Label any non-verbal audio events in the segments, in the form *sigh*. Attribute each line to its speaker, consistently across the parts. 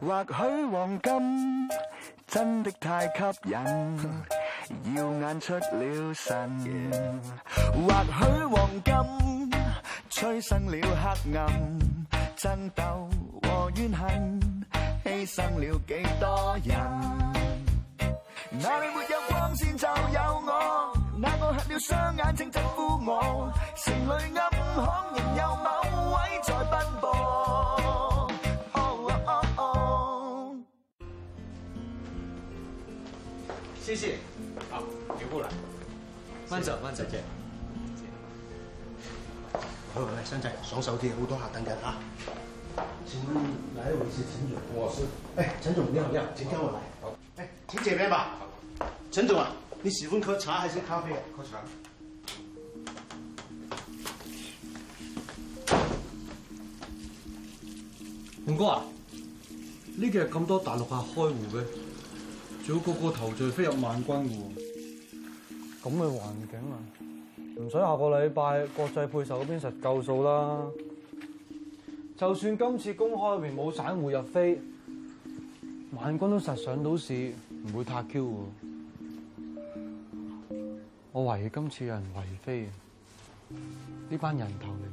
Speaker 1: 或許黃金真的太吸引，耀眼出了神。或許黃金催生了黑暗，爭鬥和怨恨，犧牲了幾多人。 *music* 那裡
Speaker 2: 沒有光線就有我，那個黑了雙眼請直呼我，城裡暗巷仍有某位在奔波。謝謝，好，別過來慢，慢走慢走，見好，來，現在爽手啲，好多客等緊啊。請問來位是陳總，我是、啊。哎，陳總，你好，你好，請跟我來。哎，請這邊吧。陳總啊，你喜歡喝茶還是咖啡啊？喝茶。
Speaker 3: 龍哥啊，
Speaker 1: 呢幾日咁多大陸客開戶嘅。最好個個頭像飛入萬
Speaker 3: 軍湖
Speaker 1: 咁嘅環境啊，唔使下個禮拜國際配售嗰邊實夠數啦。就算今次公開嗰邊冇散戶入飛，萬軍都實上到市，唔會太 Q 喎。我懷疑今次有人圍飛，呢班人頭嚟。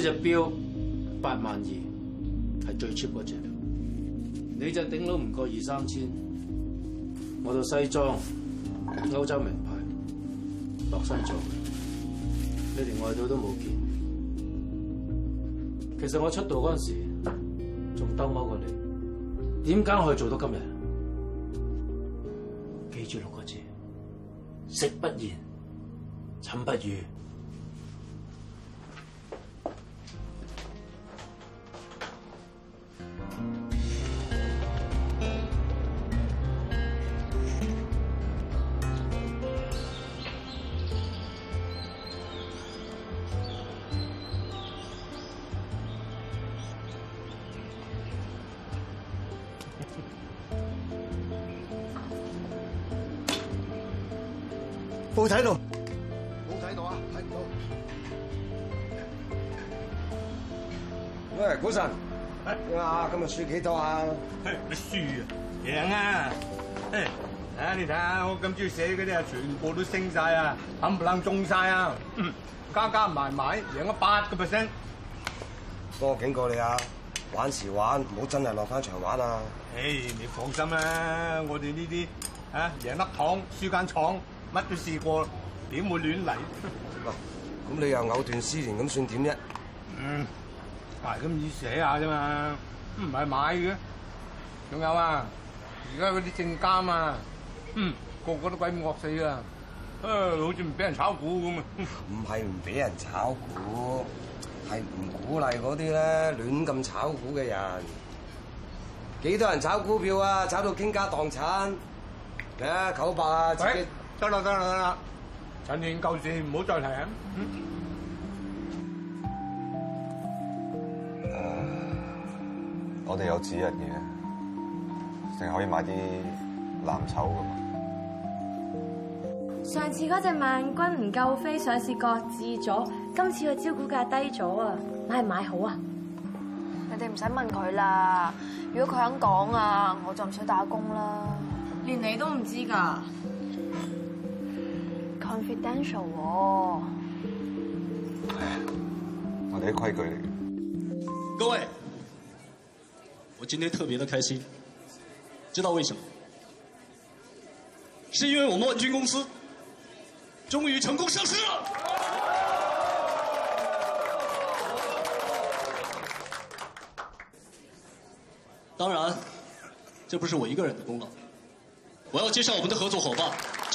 Speaker 2: 呢隻錶八萬二係最 cheap 嗰隻，你隻頂樓唔過二三千，我套西裝歐洲名牌，落身做，你連外套都冇見。其實我出道嗰陣時仲兜踎過你，點解可以做到今日？記住六個字：食不言，寢不語。
Speaker 1: 冇睇到，冇睇到啊！睇唔到。喂，股神，你啊今日輸幾多啊？嘿，唔輸
Speaker 3: 啊，贏啊！嘿，你睇下我今朝寫嗰啲啊，全部都升晒啊，冚唪唥中晒啊，加加埋埋贏咗八個 percent。
Speaker 1: 幫我警告你啊，玩時玩，唔好真係落翻場玩啊！唉
Speaker 3: ，hey, 你放心啦，我哋呢啲啊，贏粒糖，輸間廠。乜都試過，點會亂嚟？
Speaker 1: 咁、 *laughs* 啊、你又藕斷絲連咁，算點啫？
Speaker 3: 嗯，係咁意寫下啫嘛，唔係買嘅。仲有啊，而家嗰啲證監啊，嗯，個個都鬼咁惡死啊！啊，好似唔俾人炒股咁啊！
Speaker 1: 唔係唔俾人炒股，係唔鼓勵嗰啲咧亂咁炒股嘅人。幾多人炒股票啊？炒到傾家蕩產，嚟九百啊！得啦得啦得啦，陳年舊事唔好
Speaker 3: 再提啊！嗯 uh, 我哋有指引嘅，淨係可以買啲藍籌噶嘛。
Speaker 4: 上次嗰隻萬軍唔夠飛上市，擱置咗，今次個招股價低咗啊，買唔買好啊？人哋唔使問佢啦，如果佢肯講啊，我就唔想打工啦。
Speaker 1: 連你都唔知㗎。
Speaker 4: Confidential，
Speaker 3: 哎、哦，我哋啲規
Speaker 2: 矩。各位，我今天特別的開心，知道為什麼？是因為我們萬軍公司終於成功上市了。當然，這不是我一個人的功勞，我要介紹我們的合作伙伴。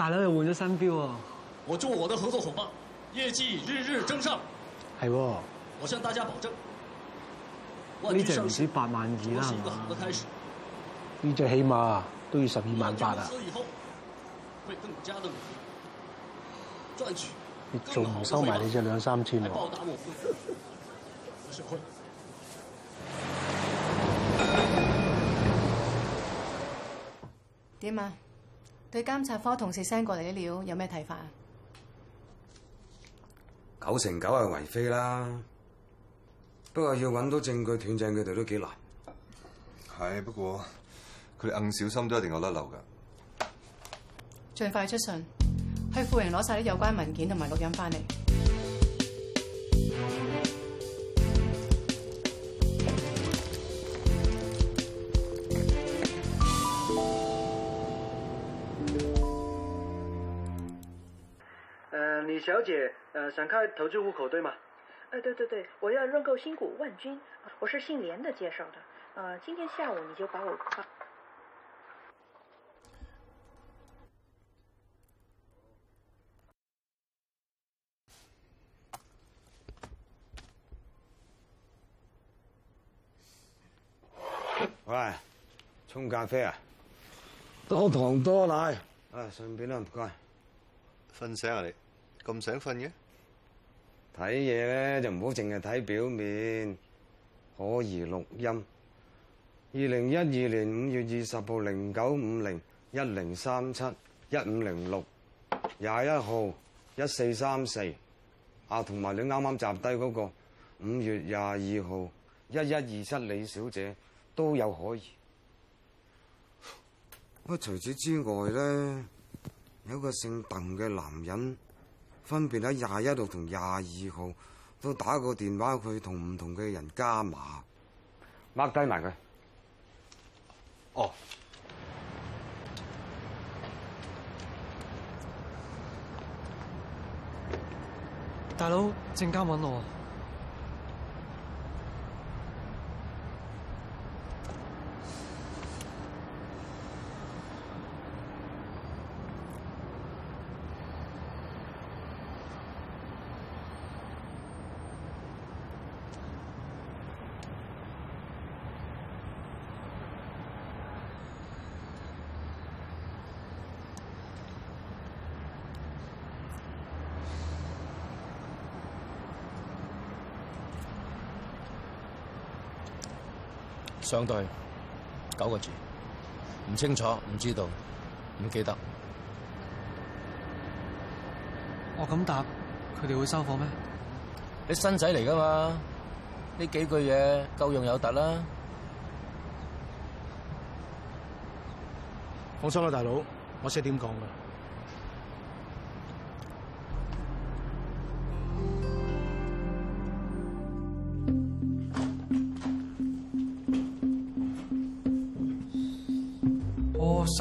Speaker 2: 大佬又換咗新錶啊？我祝我的合作伙伴業績日日增上，係喎的！我向大家保證，呢隻唔止八萬二啦，呢隻起碼都要十二萬八啊！你做唔收埋你隻兩三千
Speaker 4: 喎？點啊？我對監察科同事 send 過嚟啲料有咩睇法啊？
Speaker 1: 九成九係圍飛啦，不過要揾到證據斷正佢哋都幾難。係，不過佢哋硬
Speaker 3: 小心都一定有甩漏噶。
Speaker 4: 盡快出信，去富榮攞晒啲有關文件同埋錄音翻嚟。
Speaker 1: 小姐，呃，想開投資戶口對嗎？
Speaker 4: 哎、呃，對對對，我要認購新股萬軍，我是姓連的介紹的。呃，今天下午你就把我辦。
Speaker 1: 喂，沖咖啡啊？多糖多奶。哎，順便啊，唔該。瞓醒啊你？咁想瞓嘅？睇嘢咧就唔好淨係睇表面，可疑錄音。二零一二年五月二十號零九五零一零三七一五零六廿一號一四三四啊，同埋你啱啱集低嗰個五月廿二號一一二七李小姐都有可疑。咁啊，除此之外咧，有個姓鄧嘅男人。分別喺廿一號同廿二號都打過電話，去同唔同嘅人加碼他、哦哦，握低埋佢。
Speaker 3: 哦，
Speaker 1: 大佬，證監揾我。
Speaker 2: 相對九個字，唔清楚、唔知道、唔記得。我咁答，佢哋會收貨咩？你新仔嚟噶嘛？呢幾句嘢夠用有突啦。放心啦，大佬，我識點講噶。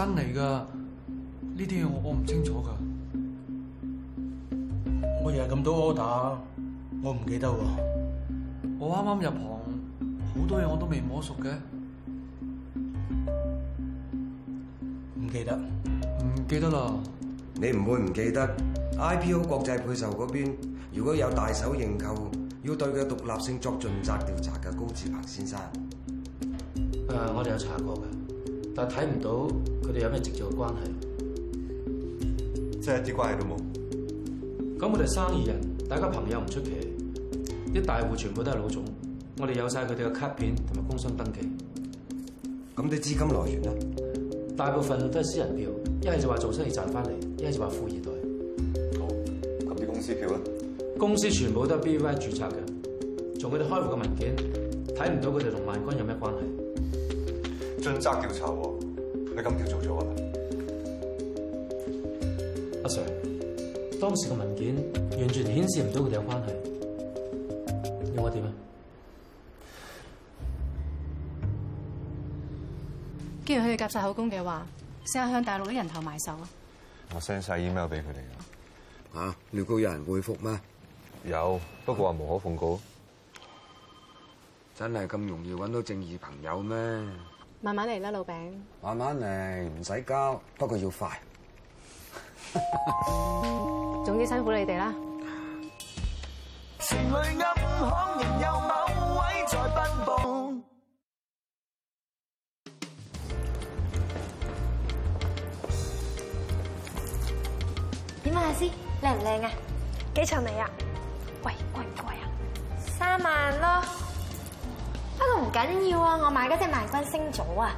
Speaker 1: 新嚟噶，呢啲嘢我我唔清楚噶。
Speaker 2: 我日日咁多 order，我唔記得喎。我啱啱入行，好多嘢我都未摸熟嘅，
Speaker 1: 唔記得，唔記得啦。你唔會唔記得 IPO 國際配售邊，如果有大手認購，要對佢獨立性作盡責調查嘅高志鵬先生。誒、嗯啊，我哋有查過。但睇唔
Speaker 2: 到佢哋有咩直接嘅關係，即係一啲關係都冇。咁我哋生意人，大家朋友唔出奇，啲大戶全部都係老總，我哋有晒佢哋嘅卡片同埋工商登記。咁啲資金來源咧，大部分都係私人票，一係就話做生意賺翻嚟，一係就話富二代。好，咁啲公司票啦。公司全部都係 BVI 註冊嘅，從佢哋開戶嘅文件睇唔到佢哋同萬軍有咩關係。盡責調查我，你咁叫做咗啊？阿 Sir，當時嘅文件完全顯示唔到佢哋有關係，有我點啊？
Speaker 4: 既然佢哋夾晒口供嘅話，試下向大陸啲人頭買手啊！
Speaker 3: 我 send 晒 email 俾佢哋噶，吓，廖高，有人回覆咩？有，不過話無可奉告。
Speaker 1: 啊、真係咁容易揾到正義朋友咩？
Speaker 4: 慢慢嚟啦，老餅。
Speaker 1: 慢慢嚟，唔使急，不過要快。總
Speaker 4: 之辛苦你哋啦。
Speaker 2: 點
Speaker 4: 啊，阿師靚唔靚啊？幾層嚟啊？喂，貴唔貴啊？三萬咯。不過唔緊要啊，我買嗰隻萬軍星組啊，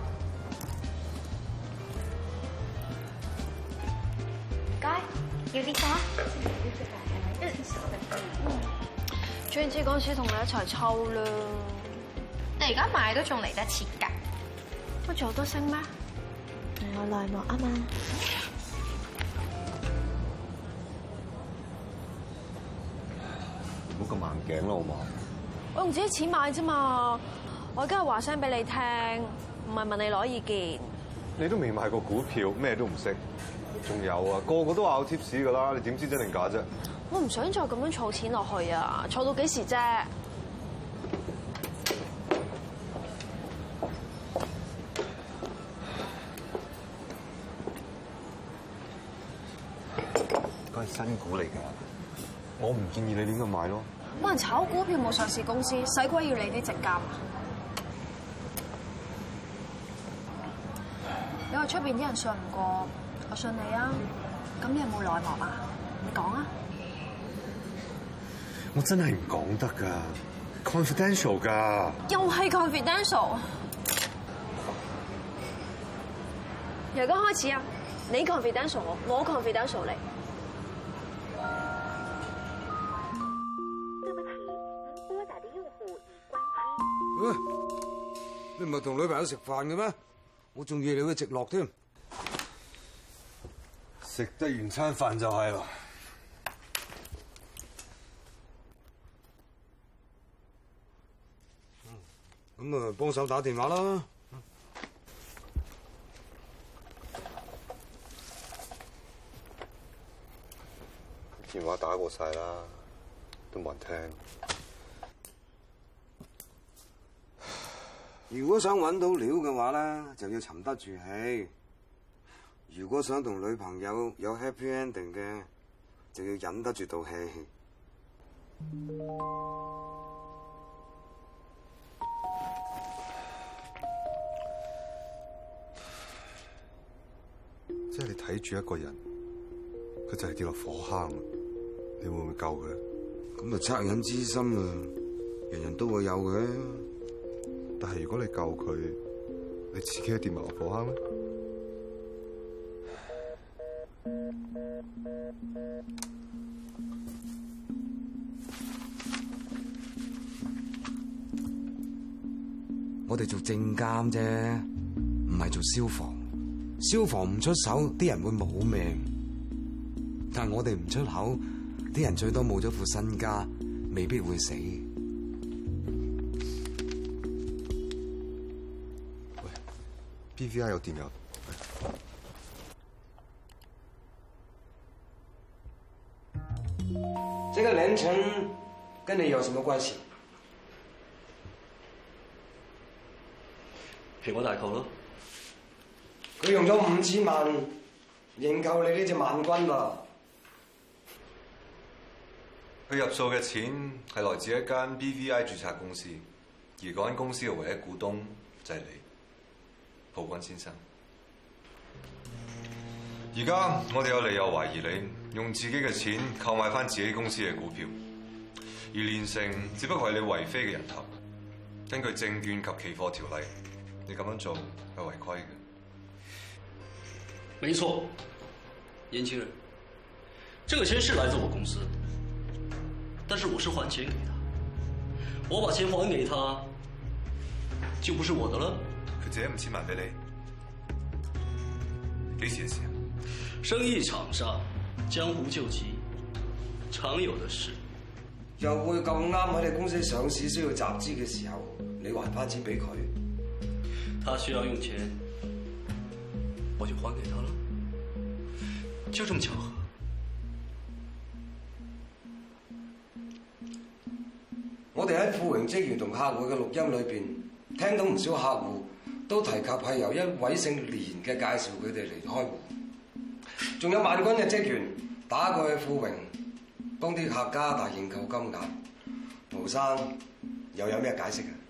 Speaker 4: 唔該，有啲乜？張子、嗯、公司同你一齊抽啦，你而家買都仲嚟得切㗎，我仲有多升咩？有內幕啊嘛，冇
Speaker 3: 咁盲頸咯，我望。
Speaker 4: 我用自己錢買啫嘛，我而家話聲俾你聽，唔係問你攞意見。
Speaker 3: 你都未買過股票，咩都唔識。仲有啊，個個都話有貼士㗎啦，你點知真定假啫？
Speaker 4: 我唔想再咁樣儲錢落去啊，儲到幾時啫？
Speaker 3: 嗰係新股嚟嘅。我唔建議你點樣買咯。
Speaker 4: 冇人炒股票，冇上市公司，使鬼要你啲證監啊！你話出面啲人信唔過，我信你啊！咁你有冇內幕啊好？你講啊！
Speaker 3: 我真係唔講得噶，confidential 噶，
Speaker 4: 又係 confidential。由家開始啊！你 confidential 我，我 confidential 你。
Speaker 1: 咪同女朋友食飯嘅咩？我仲夜仲要你佢直落
Speaker 3: 添，食得完餐飯就係咯。
Speaker 1: 咁啊、嗯，幫手打電話啦。
Speaker 3: 電話打過晒啦，都冇人聽。
Speaker 1: 如果想揾到料嘅話咧，就要沉得住氣；如果想同女朋友有 happy ending 嘅，就要忍得住度氣。即
Speaker 3: 係你睇住一個人，佢就係跌落火坑，你會唔會救佢？咁啊，惻隱之心啊，人人都會有嘅。但係如果你救佢，你自己跌埋落火坑咧？
Speaker 1: 我哋做證監啫，唔係做消防。消防唔出手，啲人會冇命；但係我哋唔出口，啲人最多冇咗副身家，未必會死。
Speaker 3: BVI 有地苗，
Speaker 1: 哎、這個聯程跟你有什麼關係？蘋果、嗯、大球咯，佢用咗五千萬認購你呢隻萬軍啦。
Speaker 3: 佢入數嘅錢係來自一間 BVI 注冊公司，而嗰間公司嘅唯一股東就係、是、你。蒲君先生，而家我哋有理由懷疑你用自己嘅錢購買返自己公司嘅股票，而連勝只不過係你圍飛嘅人頭。根據證券及期貨條例，你咁樣做係違規嘅。
Speaker 2: 沒錯，
Speaker 3: 年輕人，這個錢是來自
Speaker 2: 我公司，但是我是還錢給他，我把錢還給他，
Speaker 3: 就不是我的了。借五千萬俾你，幾時嘅事？生意場上，江湖救急，
Speaker 2: 常有的事。
Speaker 1: 又會咁啱喺你公司上市需要集資嘅時候，你還翻錢俾佢？他需要用錢，我就還給他啦。就這麼巧合？我哋喺富榮職員同客戶嘅錄音裏邊，聽到唔少客戶，都提及係由一位姓連嘅介紹佢哋嚟開門，仲有萬軍嘅職員打過去富榮幫啲客加大認購金額，陶生又有咩解釋啊？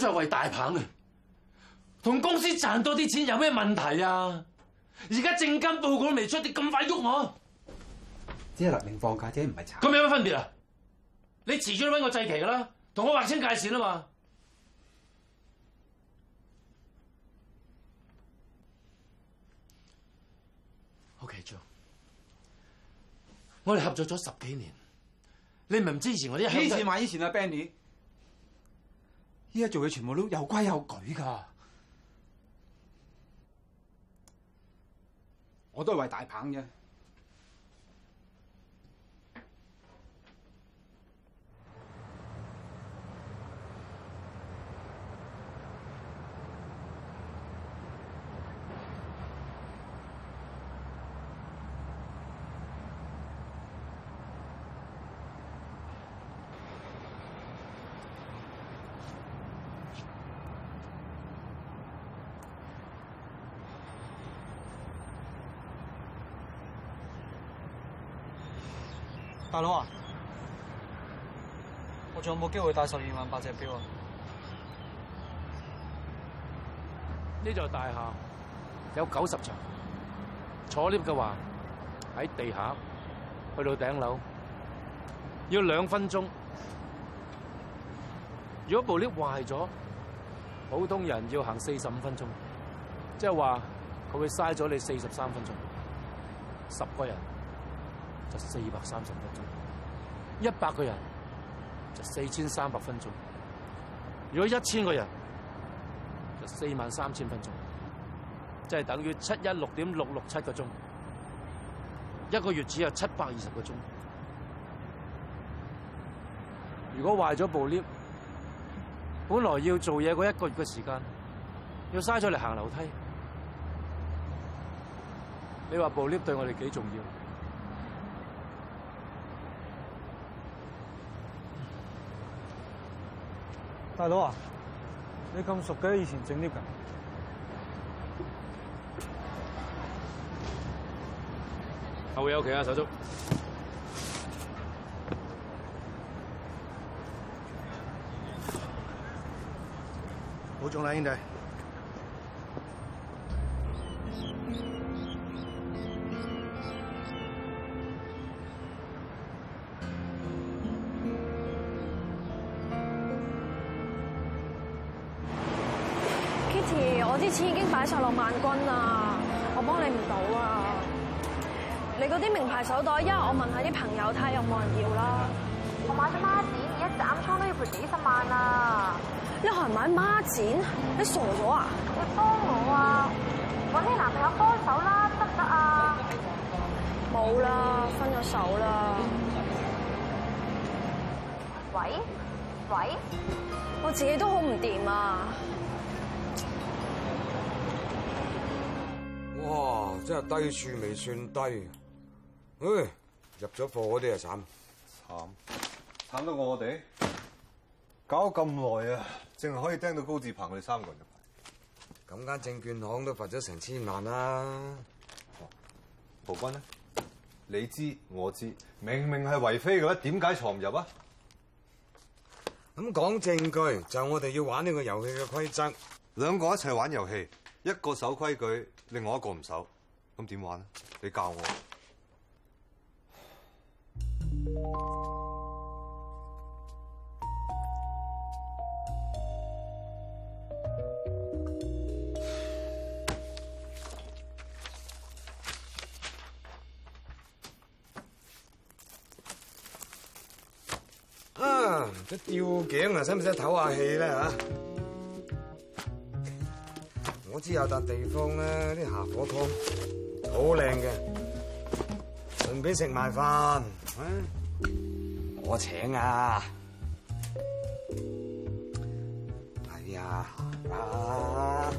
Speaker 2: 就為大鵬啊！同公司賺多啲錢有咩問題啊？而家證監報告都未出，你咁快喐我，啊？即係勒令放假啫，唔係查。咁有咩分別啊？你遲早揾我祭旗噶啦，同我劃清界綫啦嘛。O K，Joe，我哋合作咗十幾年，你唔係唔支持我啲？幾錢買？以前啊，Benny。依家做嘢全部都有規有矩㗎，
Speaker 3: 我都係為大棒啫。
Speaker 2: 大佬啊，我仲有冇機會帶十二萬八隻表啊？呢座大廈有九十層，坐 lift 嘅話喺地下去到頂樓要兩分鐘。如果部 lift 壞咗，普通人要行四十五分鐘，即係話佢會嘥咗你四十三分鐘。十個人。就四百三十分鐘，一百個人就四千三百分鐘，如果一千個人就四萬三千分鐘，就係、是、等於七一六點六六七個鐘，一個月只有七百二十個鐘，如果壞咗部 lift，本來要做嘢嗰一個月嘅時間，要嘥咗嚟行樓梯，你話部 lift 對我哋幾重要？
Speaker 1: 大佬啊，你咁熟嘅，以前整啲㗎，
Speaker 2: 後有其啊手足，
Speaker 3: 保重啦兄弟。
Speaker 4: 買晒落萬軍啊！我幫你唔到啊！你嗰啲名牌手袋，因為我問下啲朋友睇下有冇人要啦。我買咗孖展，而家斬倉都要賠幾十萬啦！你係買孖展？你傻咗啊？你幫我啊！搵啲男朋友幫手啦，得唔得啊？冇啦、啊，分咗手啦。喂喂，我自己都好唔掂啊！
Speaker 1: 哇！真係低處未算
Speaker 3: 低，誒，入咗貨嗰啲啊慘慘慘到我哋搞咁耐啊，淨係可以聽到高志鵬我哋三個人入咁間證券行都罰咗成千萬啦。哦，蒲君咧，你知我知，明明係圍飛嘅話，點解藏唔入啊？咁講證據就係我哋要玩呢個遊戲嘅規則，兩個一齊玩遊戲，一個守規矩。另外一個唔守，咁點玩咧？你教我。
Speaker 1: 啊，只吊 g a 啊，使唔使唞下氣咧吓！知有笪地方咧，啲下火湯好靚嘅，順便食埋飯，我請啊！哎呀，啊！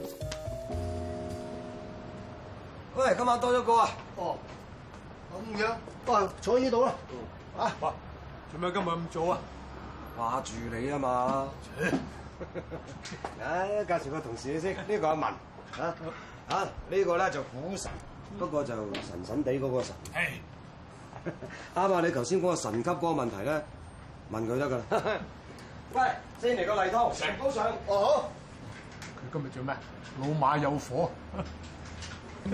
Speaker 3: 喂，今晚多咗個啊？哦，咁樣，哇，坐喺呢度啦。嗯、啊，做咩今日咁早啊？
Speaker 1: 掛住你啊嘛。哎，介紹個同事你先，呢、呢個阿文。啊啊！呢、啊這個咧就古神。不過、嗯、就是神神地嗰個神。唉，啱啊！你頭先講個神級嗰個問題咧，問佢得㗎喇。喂，先嚟個例湯，成煲神上哦佢今日做咩？老馬有火， *laughs*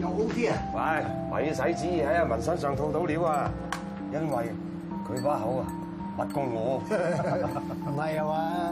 Speaker 1: 又好啲啊？喂，咪使子喺阿文身上套到料啊！因為佢把口
Speaker 3: 啊，密過我。唔係啊嘛。